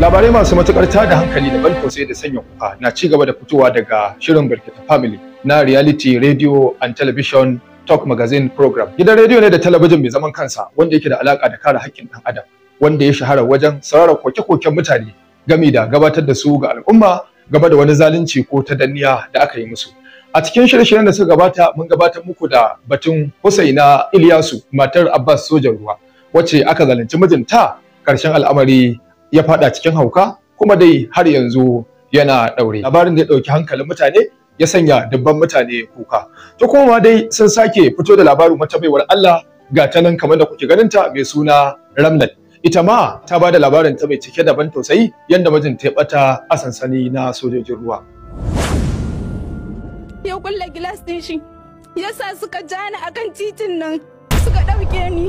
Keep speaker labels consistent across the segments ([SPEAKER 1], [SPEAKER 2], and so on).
[SPEAKER 1] labarai masu matukar da hankali da tausayi da sanya kuka na ci gaba da fitowa daga shirin birkita family na reality radio and television talk magazine program gidan radio ne da talabijin mai zaman kansa wanda yake da alaka da kare haƙƙin ɗan adam wanda ya shahara wajen sarara koke-koken mutane gami da gabatar da su ga al'umma gaba da wani zalunci ko ta danniya da aka yi musu a cikin shirye-shiryen da suka gabata mun gabatar muku da batun Husaina Iliyasu, matar Abbas sojan ruwa wacce aka zalunci mijinta karshen al'amari ya fada cikin hauka kuma dai har yanzu yana daure labarin da ya dauki hankalin mutane ya sanya dubban mutane kuka to kuma dai sun sake fito da labarin mata baiwar Allah ga ta nan kamar da kuke ganin ta mai suna Ramlan. ita ma ta ba da labarin ta mai cike da ban tausayi yadda ta ya bata a sansani na sojojin ruwa
[SPEAKER 2] ya kulle gilas din shi yasa suka ja ni akan titin nan suka ɗauke ni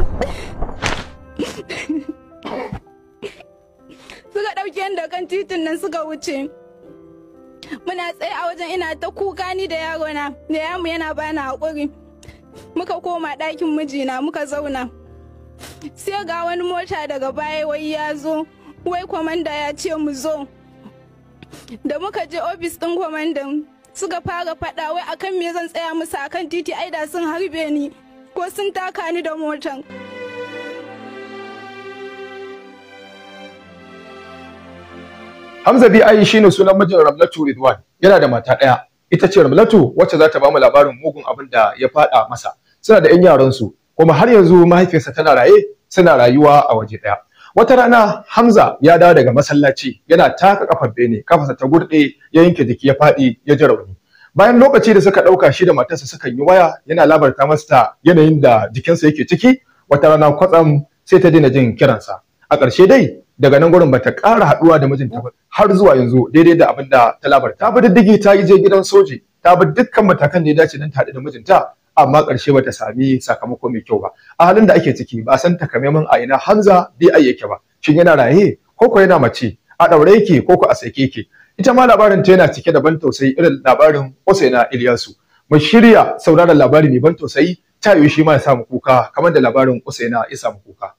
[SPEAKER 2] suka ɗauke da kan titin nan suka wuce muna tsaye a wajen ina ta kuka ni da yarona da yamu yana bani haƙuri muka koma ɗakin mijina muka zauna sai ga wani mota daga baya wai ya zo wai kwamanda ya ce mu zo da muka je ofis ɗin kwamandan suka fara faɗa wai akan me zan tsaya musu akan titi aida sun harbe ni ko sun taka ni da motan.
[SPEAKER 1] Hamza BI shine sunan mijin Ramlatu Ridwan yana da mata ɗaya ita ce Ramlatu wacce za ta ba mu labarin mugun abin da ya faɗa masa suna da 'yan yaran su kuma har yanzu mahaifiyarsa tana raye suna rayuwa a waje ɗaya wata rana Hamza ya dawo daga masallaci yana taka kafar bene kafarsa ta gurɗe ya yanke jiki ya faɗi ya ji rauni bayan lokaci da suka ɗauka shi da matarsa sukan yi waya yana labarta masa yanayin da jikinsa yake ciki wata rana kwatsam sai ta daina jin kiransa a ƙarshe dai daga nan gurin bata ƙara haɗuwa da mijinta ba har zuwa yanzu daidai da abin da ta labar ta bi diddigi ta yi je gidan soji ta bi dukkan matakan da ya dace don ta haɗu da mijinta amma ƙarshe bata sami sakamako mai kyau ba a halin da ake ciki ba san takamaiman a ina hanza bi ai yake ba shin yana raye ko ko yana mace a daure yake ko ko a sake yake ita ma labarin ta yana cike da ban tausayi irin labarin Usaina Ilyasu mu shirya sauraron labari mai ban tausayi ta yi shi ma ya samu kuka kamar da labarin Usaina ya samu kuka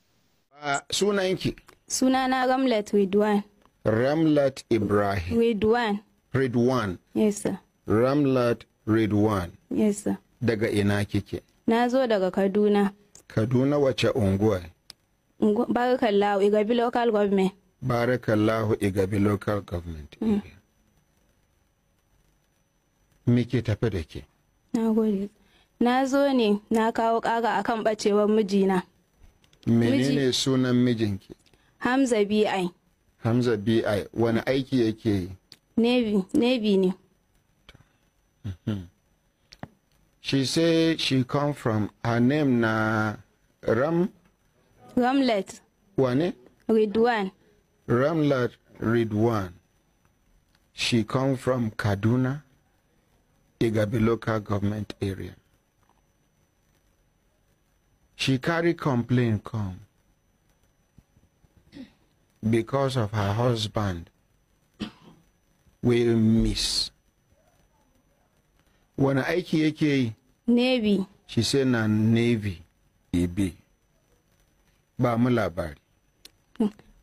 [SPEAKER 1] yake.
[SPEAKER 2] Sunana Ramlet Ridwan.
[SPEAKER 1] Ramlet Ibrahim.
[SPEAKER 2] Ridwan.
[SPEAKER 3] Ridwan. Yes, sir. Ramlet Ridwan. Yes, sir. Daga ina kike?
[SPEAKER 2] Na zo daga Kaduna.
[SPEAKER 3] Kaduna wace unguwa?
[SPEAKER 2] Barakallahu Igabi Local Government.
[SPEAKER 3] Barakallahu Igabi Local Government. Mm. Miki tafi da ke?
[SPEAKER 2] Na gode. Na zo ne na kawo kara akan bacewar mijina.
[SPEAKER 3] Menene sunan mijinki?
[SPEAKER 2] Hamza BI.
[SPEAKER 3] Hamza BI wani aiki yake yi?
[SPEAKER 2] Navy, Navy ne.
[SPEAKER 3] Mhm. She say she come from her name na Ram?
[SPEAKER 2] Ramlet. Wane? Ridwan.
[SPEAKER 3] Ramlet Ridwan. She come from Kaduna, Igabi local government area. She carry complaint come. because of her husband will miss wani aiki yake navy she say na navy ebe ba mu labari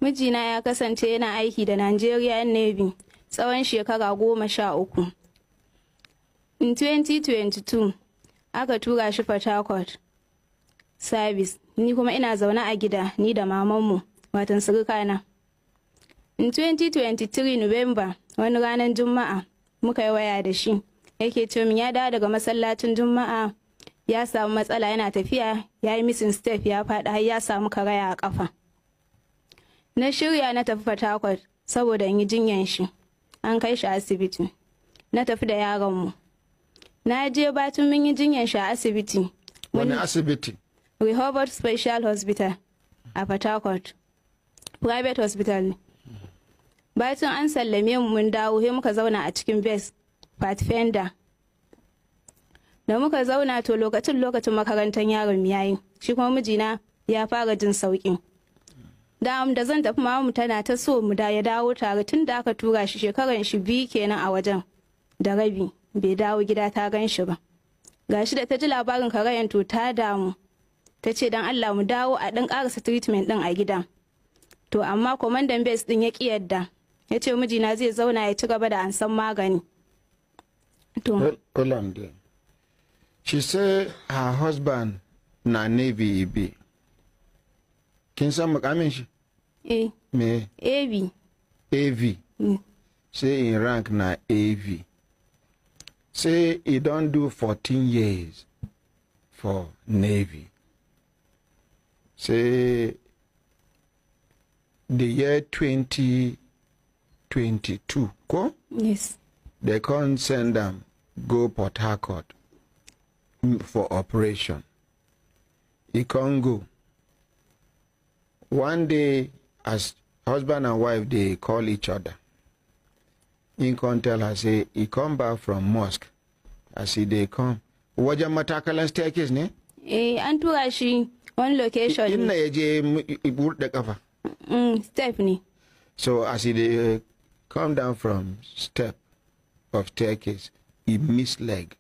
[SPEAKER 2] mijina ya kasance yana aiki da nigerian navy tsawon shekara goma sha uku in 2022 aka tura shi port harcourt service ni kuma ina zaune a gida ni da mamanmu watan surukana in 2023 november wani ranar juma'a muka yi waya da shi yake ce min ya dawo daga masallacin juma'a ya samu matsala yana tafiya ya yi missing step ya faɗi har ya samu karaya a kafa na shirya na tafi fatakwal saboda in yi jinyan shi an kai shi asibiti na tafi da yaronmu na je batun mun yi jinyan shi a asibiti
[SPEAKER 3] wani asibiti
[SPEAKER 2] rehoboth special hospital a fatakwal private hospital ne bacin an sallame mu mun dawo sai muka zauna a cikin base pathfinder da muka zauna to lokacin lokacin makarantar yaron yayi shi kuma mijina ya fara jin sauƙin da da zan tafi mamu tana ta so mu da ya dawo tare tun da aka tura shi shekaran shi biyu kenan a wajen da rabi bai dawo gida ta gan shi ba gashi da ta ji labarin karayan to ta damu ta ce dan Allah mu dawo a dan karasa treatment ɗin a gida. to amma kwamandan base din ya ƙi yadda ya ce mijina zai zauna ya ci gaba da ansan magani
[SPEAKER 3] to she say her husband na navy ibe kin san mukamin shi eh me av av mm. say in rank na av say he don do 14 years for navy say the year 2022, Go Yes. They can't send them go Port Harcourt for operation. He can't go. One day, as husband and wife, they call each other. He can tell her, say, he come back from mosque. I see they come. Wajen matakalan staircase ne?
[SPEAKER 2] Eh, an tura one location. Ina ya
[SPEAKER 3] je burɗe cover.
[SPEAKER 2] Mm, Stephanie.
[SPEAKER 3] So as he uh, come down from step of staircase, he missed leg.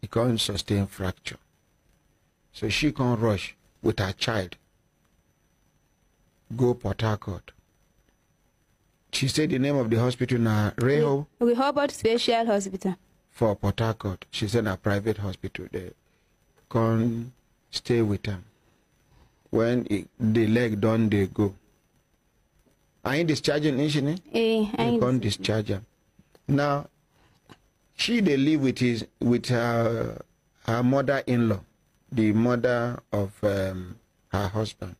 [SPEAKER 3] He can't sustain fracture. So she can't rush with her child. Go Port Harcourt. She said the name of the hospital now, Reho.
[SPEAKER 2] about Special Hospital.
[SPEAKER 3] For Port Harcourt. She said a private hospital there. Can't stay with them when it, the leg don they go are you discharging engineer? eh i can't discharge am now she they live with his with her her mother-in-law the mother of um, her husband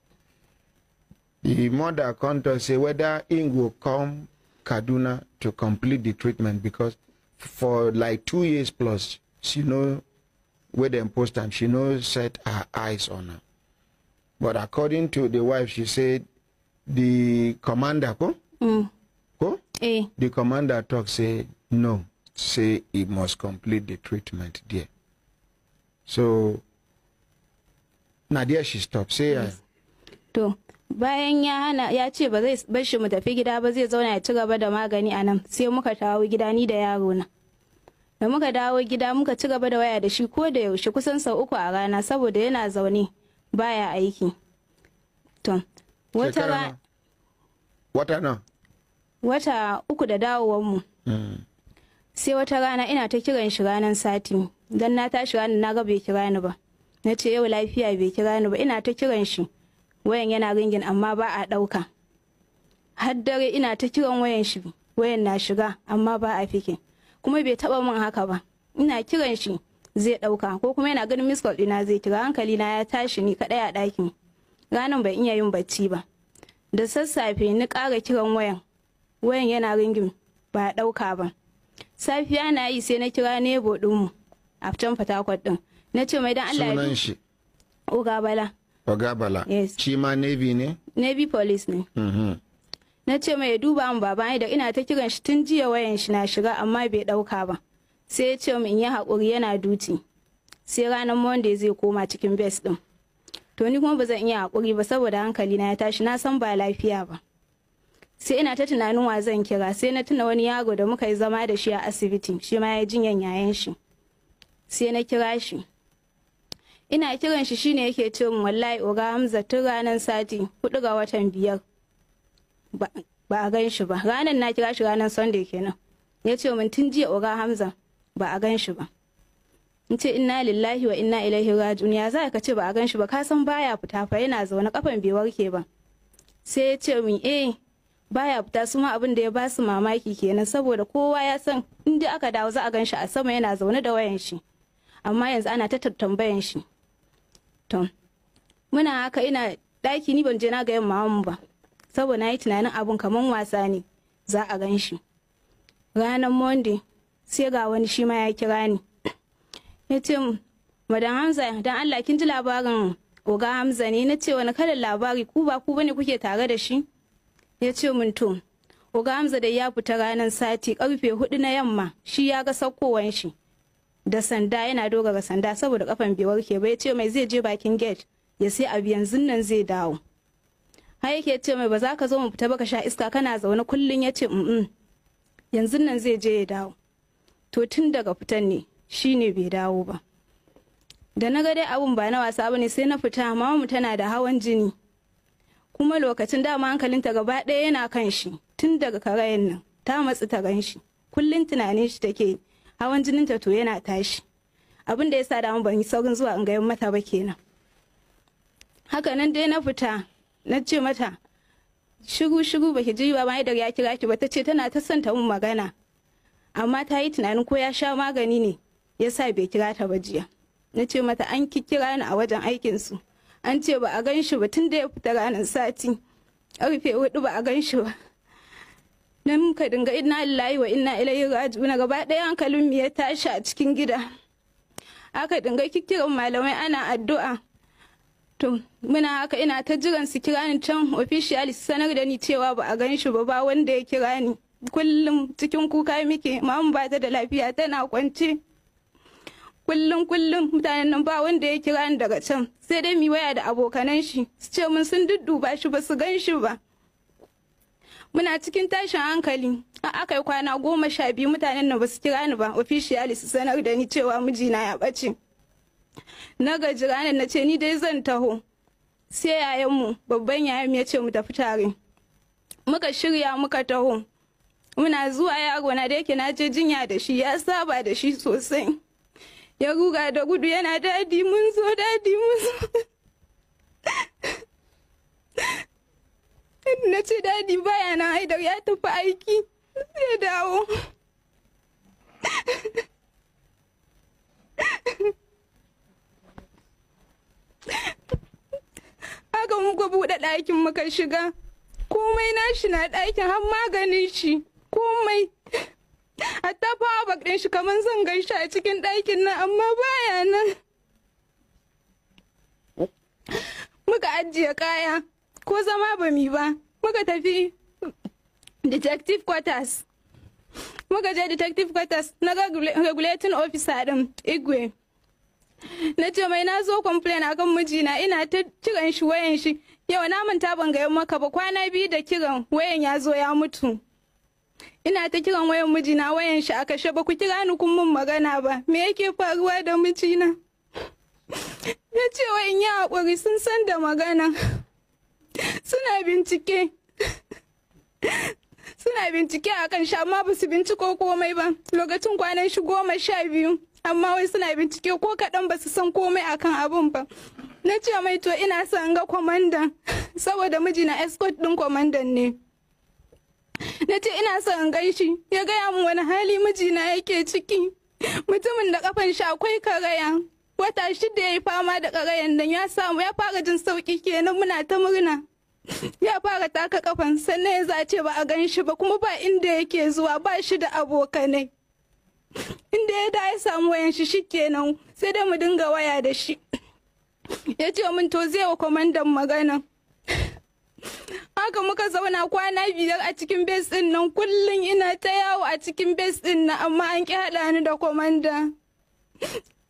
[SPEAKER 3] the mother come talk say whether Ing will come kaduna to complete the treatment because for like two years plus she know where dem post time she know set her eyes on her. But according to the wife, she said the commander ko?
[SPEAKER 2] Mm. Ko? Eh.
[SPEAKER 3] The commander talk say no, say he must complete the treatment there. So na there she stop say uh, yes.
[SPEAKER 2] to bayan ya hana ya ce ba zai bar shi mu tafi gida ba zai zauna ya ci gaba da magani a nan sai muka tawo gida ni da yaro na da muka dawo gida muka ci gaba da waya da shi ko da yaushe kusan sau uku a rana saboda yana zaune baya aiki to wata ba wata na wata uku da dawowanmu. Hmm. sai wata rana ina ta kiran shi ranar sati don na tashi ranar na ga bai kira ni ba na ce yau lafiya bai kira ni ba ina ta kiran shi wayan yana ringin amma ba a ɗauka har dare ina ta kiran wayan shi wayan na shiga amma ba a fike kuma bai taɓa min haka ba ina kiran shi zai ɗauka ko kuma yana ganin miss call ɗina zai kira hankali na ya tashi ni kaɗai a ɗakin ranar ban iya yin bacci ba da sassafe ni ƙara kiran wayan wayan yana ringin ba ɗauka ba safiya na yi sai na kira nebo ɗinmu a can fatakwat ɗin na ce mai don allah sunan shi ogabala
[SPEAKER 3] ogabala yes shi ma navy
[SPEAKER 2] ne navy police ne mm-hmm. na ce mai duba mu baba da ina ta kiran shi tun jiya wayan shi na shiga amma bai ɗauka ba sai ya ce min yi haƙuri yana duti sai ranar monday zai koma cikin bes ɗin to ni kuma ba zan iya haƙuri ba saboda hankali na ya tashi na san ba lafiya ba sai ina ta tunanin wa zan kira sai na tuna wani yaro da muka yi zama da shi a asibiti shi ma ya jinyan yayan shi sai na kira shi ina kiran shi shine yake ce min wallahi oga hamza tun ranar sati hudu ga watan biyar ba a gan shi ba ranar na kira shi ranar sunday kenan ya ce min tun jiya oga hamza ba a gan shi ba in ce inna lillahi wa inna ilaihi raji'un ya za ka ce ba a gan shi ba ka san baya fita fa yana zaune kafan bai warke ba sai ya ce min eh baya fita su ma abin da ya ba su mamaki kenan saboda kowa ya san in dai aka dawo za a gan shi a sama yana zaune da wayan shi amma yanzu ana ta tambayan shi to muna haka ina ɗaki ni ban je na ga yamma mu ba saboda na yi tunanin abun kaman wasa ne za a gan shi ranar monday sai ga wani shi ma ya kira ni ya ce madan hamza dan allah kin ji labarin oga hamza ne na ce wani kalan labari ku ba ku bane kuke tare da shi ya ce mun to oga hamza da ya fita ranar sati karfe hudu na yamma shi ya ga saukowan shi da sanda yana dogara sanda saboda kafan bai warke ba ya ce mai zai je bakin gate ya sai abu yanzu nan zai dawo har yake ce mai ba za ka zo mu fita ba ka sha iska kana zaune kullum ya ce yanzu nan zai je ya dawo to tun daga fitan ne shi ne bai dawo ba da na ga dai abun ba na wasa ba ne sai na fita mamu tana da hawan jini kuma lokacin dama hankalinta gaba ɗaya yana kan shi tun daga karayen nan ta matsi ta gan shi kullum tunanin shi take hawan jininta to yana tashi abin da ya sa damu ban yi saurin zuwa in gayan mata ba kenan haka nan dai na fita na ce mata shiru-shiru shiru baki ji ba ma ya kira ki ba Ta ce tana ta son ta mun magana amma ta yi tunanin ko ya sha magani ne ya sa bai kira ta ba jiya na ce mata an kira ni a wajen aikinsu an ce ba a gan shi ba tun da ya fita ranar sati karfe hudu ba a gan shi ba na muka dinga inna lillahi wa inna ilaihi raji'un gaba ɗaya hankalin mu ya tashi a cikin gida aka dinga kikiran malamai ana addu'a to muna haka ina ta jiran su kira ni can official sanar da ni cewa ba a gan shi ba ba wanda ya kira ni kullum cikin kuka muke mamu ba ta da lafiya tana kwance kullum kullum mutanen nan ba wanda ya kira ni daga can sai dai mi waya da abokanan shi su ce mun sun dudduba shi ba su gan shi ba muna cikin tashin hankali a aka kwana goma sha biyu mutanen nan ba su kira ni ba official su sanar da ni cewa mijina ya ɓace na gaji ranar na ce ni dai zan taho sai yayanmu babban yayan ya ce mu tafi tare muka shirya muka taho muna zuwa yaro na da yake na je jinya da shi ya saba da shi sosai ya ruga da gudu yana dadi mun zo dadi mun zo na ce dadi baya na haida ya tafi aiki ya dawo haka muka buɗe ɗakin muka shiga komai nashi na ɗakin har maganin shi komai hatta fawa bak ɗin shi kamar zan gaishe a cikin ɗakin nan amma baya nan muka ajiye kaya ko zama ba mi ba muka tafi detective quarters muka je detective quarters na regulating officer ɗin igwe na ce mai na zo complain akan mijina ina ta kiran shi wayan shi yau na manta ban ga maka ba kwana biyu da kiran wayan ya zo ya mutu Ina ta kiran wayan mijina wayan shi a kashe ba ku kira ni kun mun magana ba. Me yake faruwa da mijina? Ya ce wayan ya haƙuri sun san da magana. Suna bincike. Suna bincike a kan shi amma ba su binciko komai ba. Lokacin kwanan shi goma sha biyu. Amma wai suna bincike ko kaɗan ba su san komai akan abun ba. Na ce mai to ina son ga kwamandan saboda mijina escort ɗin kwamandan ne. na ce ina son in gaishi ya gaya mu wani hali mijina yake ciki mutumin da kafan shi akwai karaya wata shida ya yi fama da karayan nan ya samu ya fara jin sauki kenan muna ta murna ya fara taka kafan sannan ya zace ba a gan shi ba kuma ba inda yake zuwa ba shi da abokanai inda ya da ya samu wayan shi shikenan sai dai mu dinga waya da shi ya ce min to zai wa kwamandan magana haka muka zauna kwana biyar a cikin bes din nan kullum ina ta yawo a cikin bes din nan amma an ki haɗa ni da komanda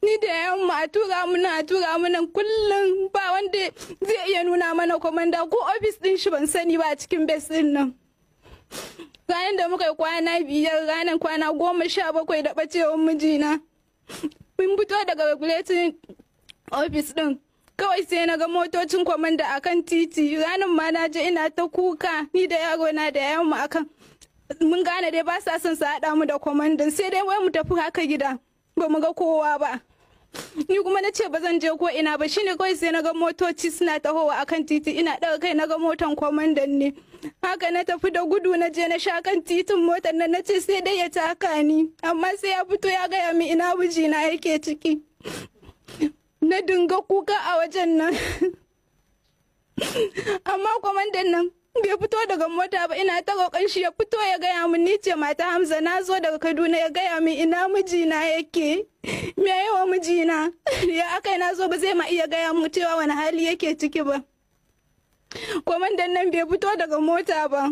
[SPEAKER 2] ni da yamma a tura mana a tura mana kullum ba wanda zai iya nuna mana komanda ko ofis din shi ban sani ba a cikin bes din nan ranar da muka yi kwana biyar ranar kwana goma sha bakwai da ɓacewar mijina mun fito daga regulatory office din kawai sai na ga motocin kwamanda kan titi ranar ma na je ina ta kuka ni da yaro na da yawon mu akan mun gane dai ba sa son su haɗa mu da kwamandan sai dai wai mu tafi haka gida ba mu ga kowa ba ni kuma na ce ba zan je ko ina ba shine kawai sai na ga motoci suna tahowa akan titi ina ɗaga kai na ga motan kwamandan ne haka na tafi da gudu na je na sha kan titin motar nan na ce sai dai ya taka ni amma sai ya fito ya gaya min ina na yake ciki na dinga kuka a wajen nan amma kwamandan nan bai fito daga mota ba ina ta roƙon shi ya fito ya gaya min ni ce mata hamza na zo daga kaduna ya gaya min ina mijina yake me yawa mijina ya aka na zo ba zai ma iya gaya mu cewa wani hali yake ciki ba kwamandan nan bai fito daga mota ba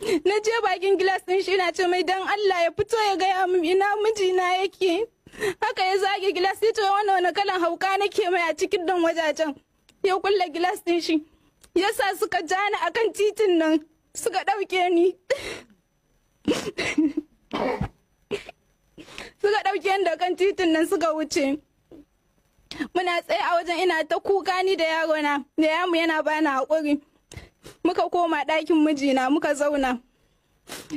[SPEAKER 2] na je bakin gilas din shi na ce mai dan Allah ya fito ya gaya min ina mijina yake haka ya zage gilas ya ce wani wani kalan hauka nake mai a cikin dan wajajen ya kulle gilas din shi ya sa suka a akan titin nan suka ɗauke ni suka ɗauke ni da kan titin nan suka wuce muna tsaye a wajen ina ta kuka ni da yarona da yamu yana bani haƙuri muka koma ɗakin mijina muka zauna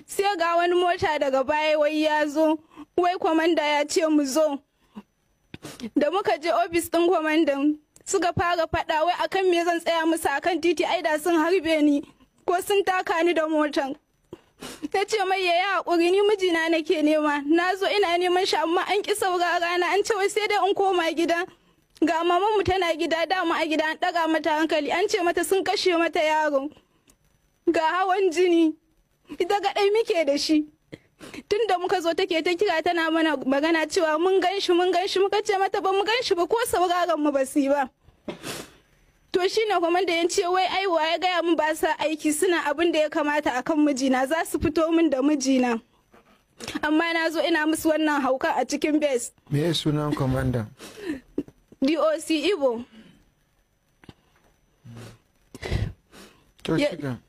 [SPEAKER 2] sai ga wani mota daga baya wai ya zo wai kwamanda ya ce mu zo da muka je ofis ɗin kwamandan suka fara faɗa wai akan me zan tsaya musu akan titi aida sun harbe ni ko sun taka ni da motan ta ce mai yaya hakuri, ni mijina nake nema na zo ina neman shi amma an ƙi saurara na an ce wai sai dai in koma gidan. ga mamanmu tana gida dama a gida an ɗaga mata hankali an ce mata sun kashe mata yaro ga hawan jini ita kaɗai muke da shi tunda muka zo take ta kira tana mana magana cewa mun gan mun gan muka ce mata ba mu gan ba ko sauraron mu ba su ba to shi ne kuma da ce wai wa ya gaya mu ba sa aiki suna abin da ya kamata akan mijina za su fito min da mijina amma na zo ina musu wannan hauka a cikin bes
[SPEAKER 3] me sunan kwamandan
[SPEAKER 2] doc ibo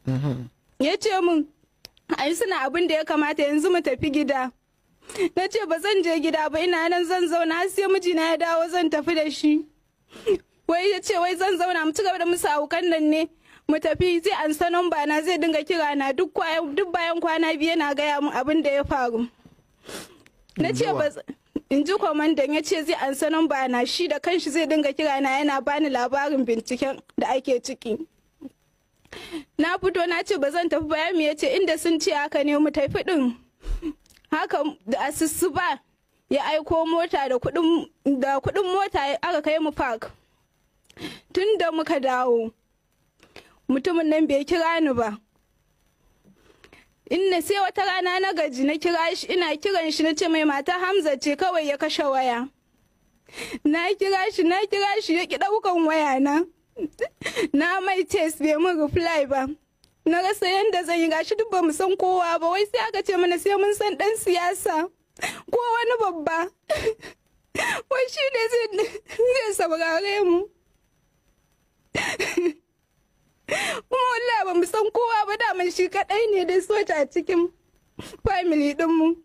[SPEAKER 2] mhm. ya ce min ai suna abin da ya kamata yanzu mu tafi gida na ce ba zan je gida ba ina nan zan zauna sai mijina ya dawo zan tafi da shi wai ya ce wai zan zauna mu ci gaba da musu aukan nan ne mu tafi zai ansa namba na zai dinga kira na duk bayan kwana biyu yana gaya mu abin da ya faru na ce ba in ji kwamandan ya ce zai ansa namba na shi da kanshi zai dinga kira na yana bani labarin binciken da ake ciki na fito na ce ba zan tafi ba yami ya ce inda sun ce haka ne mu tafi din haka da asusu ba ya aiko mota da kudin mota aka kai mu park tunda muka dawo mutumin nan bai kira ni ba inna sai wata rana na gaji na kira shi ina kiran shi na ce mai mata hamza ce kawai ya kashe waya na kira shi na kira shi ya ki daukan waya na na mai test bai mun reply ba na rasa yadda zan yi gashi duk bamu san kowa ba wai sai aka ce mana sai mun san dan siyasa ko wani babba wai shi ne zai saurare mu kuma wallah ba mu san kowa ba daman shi kadai ne dai soja a cikin family dinmu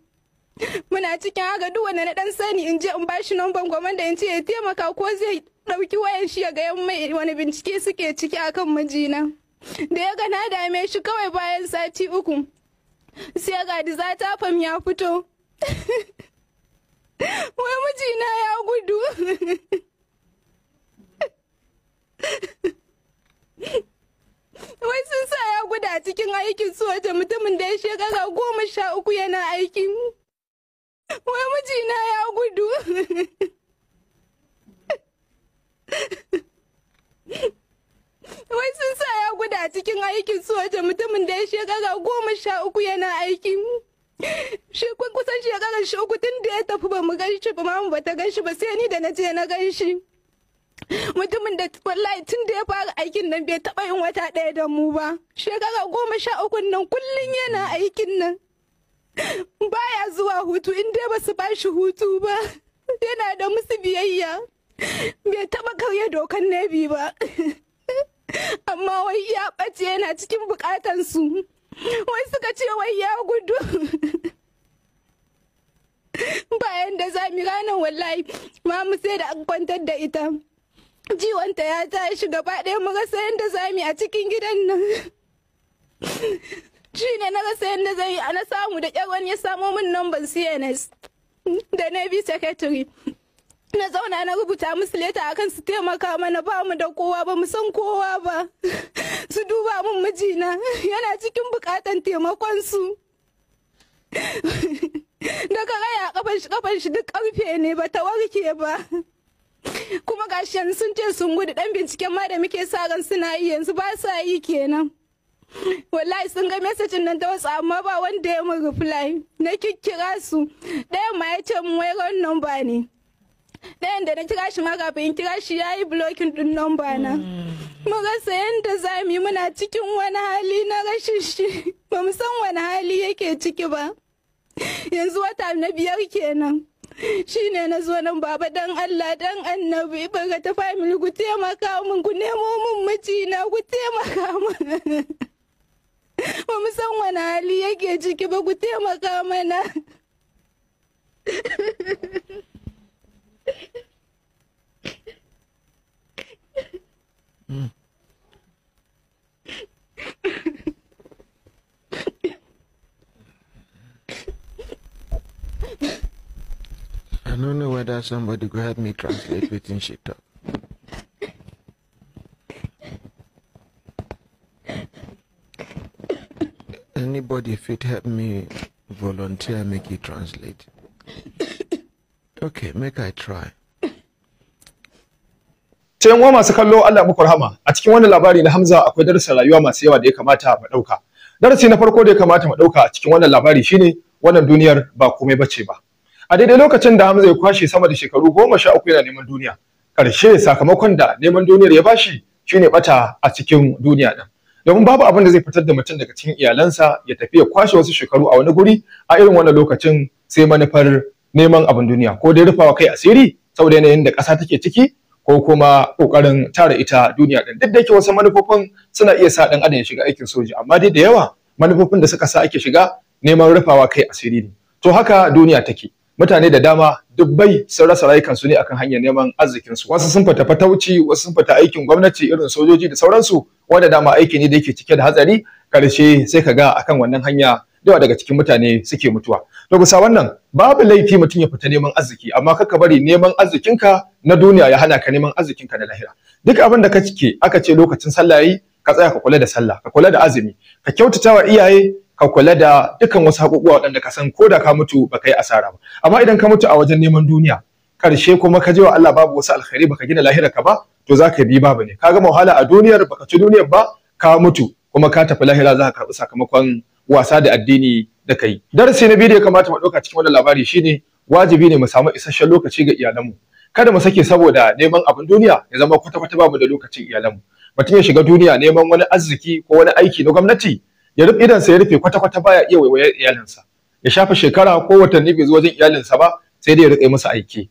[SPEAKER 2] muna cikin haka duk wanda na dan sani in je in ba bashi namban gwamnati in ce ya taimaka ko zai dauki wayan shi ya ga 'yan mai wani bincike suke ciki akan majina. da ya ga na dame shi kawai bayan sati uku sai ga za ta fam ya fito wai mijina ya gudu aikin wata mutumin da ya shekara goma sha uku yana aikin wai mijina ya gudu wai sun sa ya gudu a cikin aikin wata mutumin da ya shekara goma sha uku yana aikin shi kusan shekarar shi uku tun da ya tafi ba mu gan shi ba mu ba ta gan shi ba sai ni da na je na gan shi mutumin da wallahi tun da ya fara aikin nan bai taba yin wata ɗaya da mu ba shekara goma sha uku nan kullum yana aikin nan baya zuwa hutu in dai ba su ba shi hutu ba yana da musu biyayya bai taba karya dokan nabi ba amma wai ya ɓace yana cikin su wai suka ce wai ya gudu bayan da zami ranar wallahi mamu sai da an kwantar da ita jiwonta ya tashi gaba ɗaya mu rasa yadda za mu yi a cikin gidan nan shi ne na rasa yadda zai yi na samu da ƙyar wani ya samo min namban cns da navy secretary na zauna na rubuta musu leta akan su taimaka mana ba mu da kowa ba mu san kowa ba su duba min mijina yana cikin bukatan taimakon su daga raya kafan shi duk karfe ne ba ta warke ba kuma gashi yanzu sun ce sun gudu dan binciken ma da muke sa ran suna yi yanzu ba sa yi kenan wallahi sun ga mesajin nan ta wasu amma ba wanda ya mun reply na kikkira su ɗayan ma ya ce mun wai ran number ne ɗayan da na kira shi ma kafin kira shi ya yi blocking ɗin number na hmm. mun rasa yadda za mu yi muna cikin wani hali na rashin shi ba mu san wani hali yake ciki ba yanzu wata na biyar kenan shine na zo nan baba dan Allah dan annabi ga ta family ku taimaka min ku nemo min mijina ku taimaka min ba mu san wani hali yake ciki ba ku taimaka mana
[SPEAKER 3] Yeah. Hmm. I don't know whether somebody could help me translate what she talk. Anybody fit help me volunteer make it translate.
[SPEAKER 1] Okay, make I try. sai yan masu kallo Allah muku rahama a cikin wannan labari na Hamza akwai darasin rayuwa masu yawa da ya kamata mu dauka darasi na farko da ya kamata mu dauka a cikin wannan labari shine wannan duniyar ba komai bace ba a daidai lokacin da Hamza ya kwashe sama da shekaru goma sha uku yana neman duniya ƙarshe sakamakon da neman duniyar ya bashi shine bata a cikin duniya din domin babu abin da zai fitar da mutum daga cikin iyalansa ya tafi ya kwashe wasu shekaru a wani guri a irin wannan lokacin sai manufar neman abin duniya ko dai rufawa kai asiri saboda yanayin da ƙasa take ciki ko kuma ƙoƙarin tara ita duniya din duk da yake wasu manufofin suna iya sa ɗan adam ya shiga aikin soji amma dai da yawa manufofin da suka sa ake shiga neman rufawa kai asiri ne to haka duniya take mutane da dama dubbai sun rasa rayukansu ne akan hanyar neman arzikinsu wasu sun fata fatauci wasu sun fata aikin gwamnati irin sojoji da sauransu wanda dama aiki ne da yake cike da hatsari karshe sai ka ga akan wannan hanya yawa daga cikin mutane suke mutuwa to gusa wannan babu laifi mutum ya fita neman arziki amma kaka bari neman arzikinka na duniya ya hana ka neman arzikinka na lahira duk abin da ka cike aka ce lokacin sallah yayi ka tsaya ka kula da sallah ka kula da azumi ka kyautata wa iyaye ka kula da dukkan wasu haƙuƙuwa waɗanda ka san ko da ka mutu ba ka yi asara ba amma idan ka mutu a wajen neman duniya karshe kuma ka je wa Allah babu wasu alkhairi baka gina lahira ka ba to za ka bi babu ne ka gama wahala a duniyar baka ci duniyar ba ka mutu kuma ka tafi lahira za ka karɓi sakamakon wasa da addini da kai darasi na biyu da ya kamata mu ɗauka cikin wannan labari shine wajibi ne mu samu isasshen lokaci ga iyalanmu kada mu sake saboda neman abin duniya ya zama kwata-kwata babu da lokacin iyalanmu mutum ya shiga duniya neman wani arziki ko wani aiki na gwamnati ya rufe idansa ya rufe kwata-kwata baya iya waiwayar iyalinsa ya shafa shekara ko watanni bai zo wajen iyalinsa ba sai dai ya rike masa aiki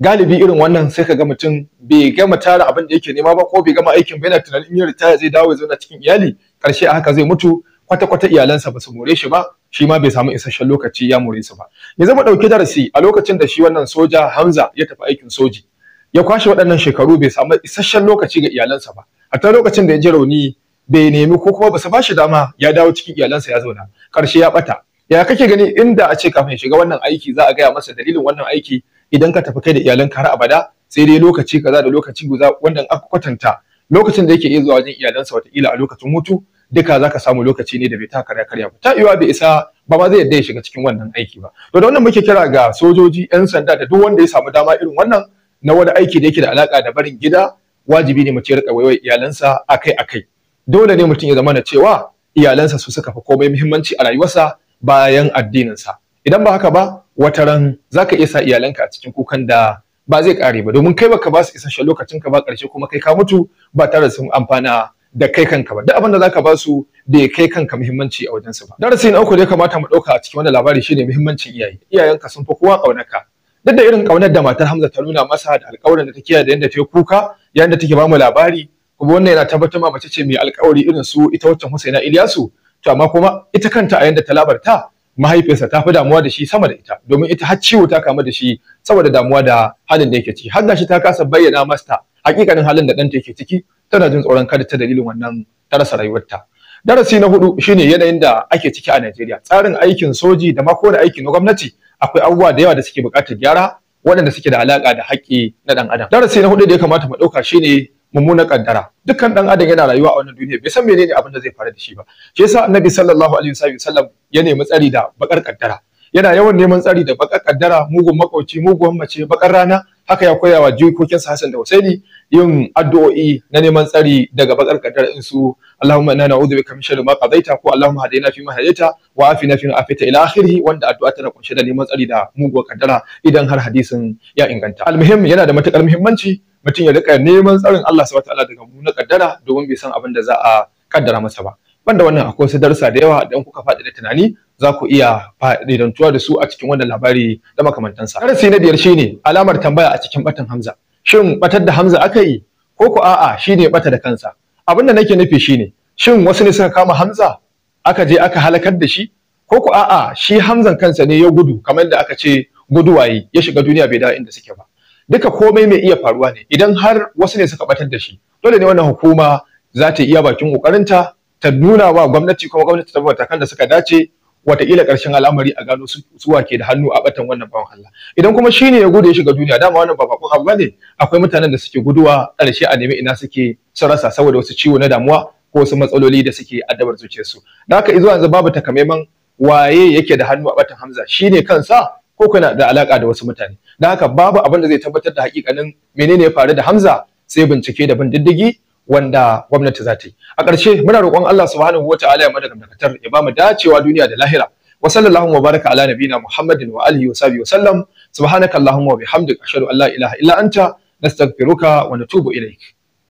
[SPEAKER 1] galibi irin wannan sai ka ga mutum bai gama tara abin da yake nema ba ko bai gama aikin ba yana tunanin in ya ritaya zai dawo ya zauna cikin iyali karshe a haka zai mutu kwata-kwata iyalansa ba su more shi ba shi ma bai samu isasshen lokaci ya more su ba ya zama ɗauke darasi a lokacin da shi wannan soja Hamza ya tafi aikin soji ya kwashe waɗannan shekaru bai samu isasshen lokaci ga iyalansa ba hatta lokacin da ya ji rauni bai nemi ko kuma basu bashi dama ya dawo cikin iyalansa ya zauna karshe ya bata ya kake gani inda a ce kafin shiga wannan aiki za a gaya masa dalilin wannan aiki idan ka tafi kai da ka har abada sai dai lokaci kaza da lokaci guza wannan aka kwatanta lokacin da yake iya zuwa wajen iyalansa kila a lokacin hutu duka zaka samu lokaci ne da bai taka karya karya ba ta iya bai isa ba ma zai yadda ya shiga cikin wannan aiki ba to da wannan muke kira ga sojoji yan sanda da duk wanda ya samu dama irin wannan na wani aiki da yake da alaka da barin gida wajibi ne mace ya rika waiwai iyalansa akai akai dole ne mutum ya zamana cewa iyalansa su suka fi komai muhimmanci a rayuwarsa bayan addininsa idan ba haka ba wata wataran ka iya sa iyalanka a cikin kukan da ba zai kare ba domin kai baka ba su isasshen lokacin ka ba karshe kuma kai ka mutu ba tare da sun amfana da kai kanka ba duk abin da ka ba su da kai kanka muhimmanci a wajensu ba darasi na uku da ya kamata mu ɗauka a cikin wannan labari shine muhimmancin iyaye iyayenka sun fi kowa ƙaunaka. duk da irin ƙaunar da matar Hamza ta nuna masa da alƙawarin da take da yanda ta kuka yayin take ba mu labari kuma wannan yana tabbatar ma mace ce mai alƙawari irin su ita waccan Husaina Ilyasu to amma kuma ita kanta a yanda ta labarta mahaifiyarsa ta fi damuwa da shi sama da ita domin ita har ciwo ta kama da shi saboda damuwa da halin da yake ciki har gashi ta kasa bayyana masta hakikanin halin da ɗanta yake ciki tana jin tsoron kada ta dalilin wannan ta rasa rayuwarta darasi na hudu shine yanayin da ake ciki a Najeriya tsarin aikin soji da mako da aikin gwamnati akwai abubuwa da yawa da suke buƙatar gyara waɗanda suke da alaka da haƙƙi na ɗan adam darasi na hudu da ya kamata mu ɗauka shine mummunan kaddara dukkan dan adam yana rayuwa a wannan duniya bai san menene abin da zai faru da shi ba shi yasa annabi sallallahu alaihi wasallam ya nemi tsari da bakar kaddara yana yawan neman tsari da bakar kaddara mugun makauci mugun mace bakar rana haka ya koya wa jikokinsa Hassan da Husaini yin addu'o'i na neman tsari daga bakar kaddara in su Allahumma inna na'udhu bika min sharri ma ko Allahumma hadina fi ma hadaita wa afina fi ma afita ila akhirih wanda addu'a tana kunshe da neman tsari da muguwar kaddara idan har hadisin ya inganta almuhim yana da matukar muhimmanci mutum ya rika neman tsarin Allah subhanahu wataala daga mu na kaddara domin bai san abin da za a kaddara masa ba banda wannan akwai wasu darsa da yawa idan kuka faɗi da tunani za ku iya fa'idantuwa da su a cikin wannan labari da makamantansa darasi na biyar shine alamar tambaya a cikin batun hamza shin batar da hamza aka yi ko ku a'a shine bata da kansa abin da nake nufi shine shin wasu ne suka kama hamza aka je aka halakar da shi ko ku a'a shi hamzan kansa ne ya gudu kamar da aka ce guduwaye ya shiga duniya bai da inda suke ba duka komai mai iya faruwa ne idan har wasu ne suka batar da shi dole ne wannan hukuma za ta iya bakin kokarinta ta nuna wa gwamnati kuma gwamnati ta bi ta da suka dace wataƙila ƙarshen al'amari a gano su ke da hannu a batan wannan bawan Allah idan kuma ne ya gode ya shiga duniya dama wannan ba bakon abu bane akwai mutanen da suke guduwa ƙarshe a nemi ina suke sarasa saboda wasu ciwo na damuwa ko wasu matsaloli da suke addabar zuciyarsu da haka izuwa yanzu babu takamaiman waye yake da hannu a batan Hamza shine kansa ko kuna da alaka da wasu mutane don haka babu abin da zai tabbatar da hakikanin menene ya faru da Hamza sai bincike da bin diddigi wanda gwamnati za ta yi a ƙarshe muna roƙon Allah subhanahu wataala ya madaka dakatar ya ba mu dacewa duniya da lahira wa sallallahu wa baraka ala nabina muhammadin wa alihi wa sahbihi wa sallam subhanakallahumma wa bihamdika ashhadu an la ilaha illa anta nastaghfiruka wa natubu ilaik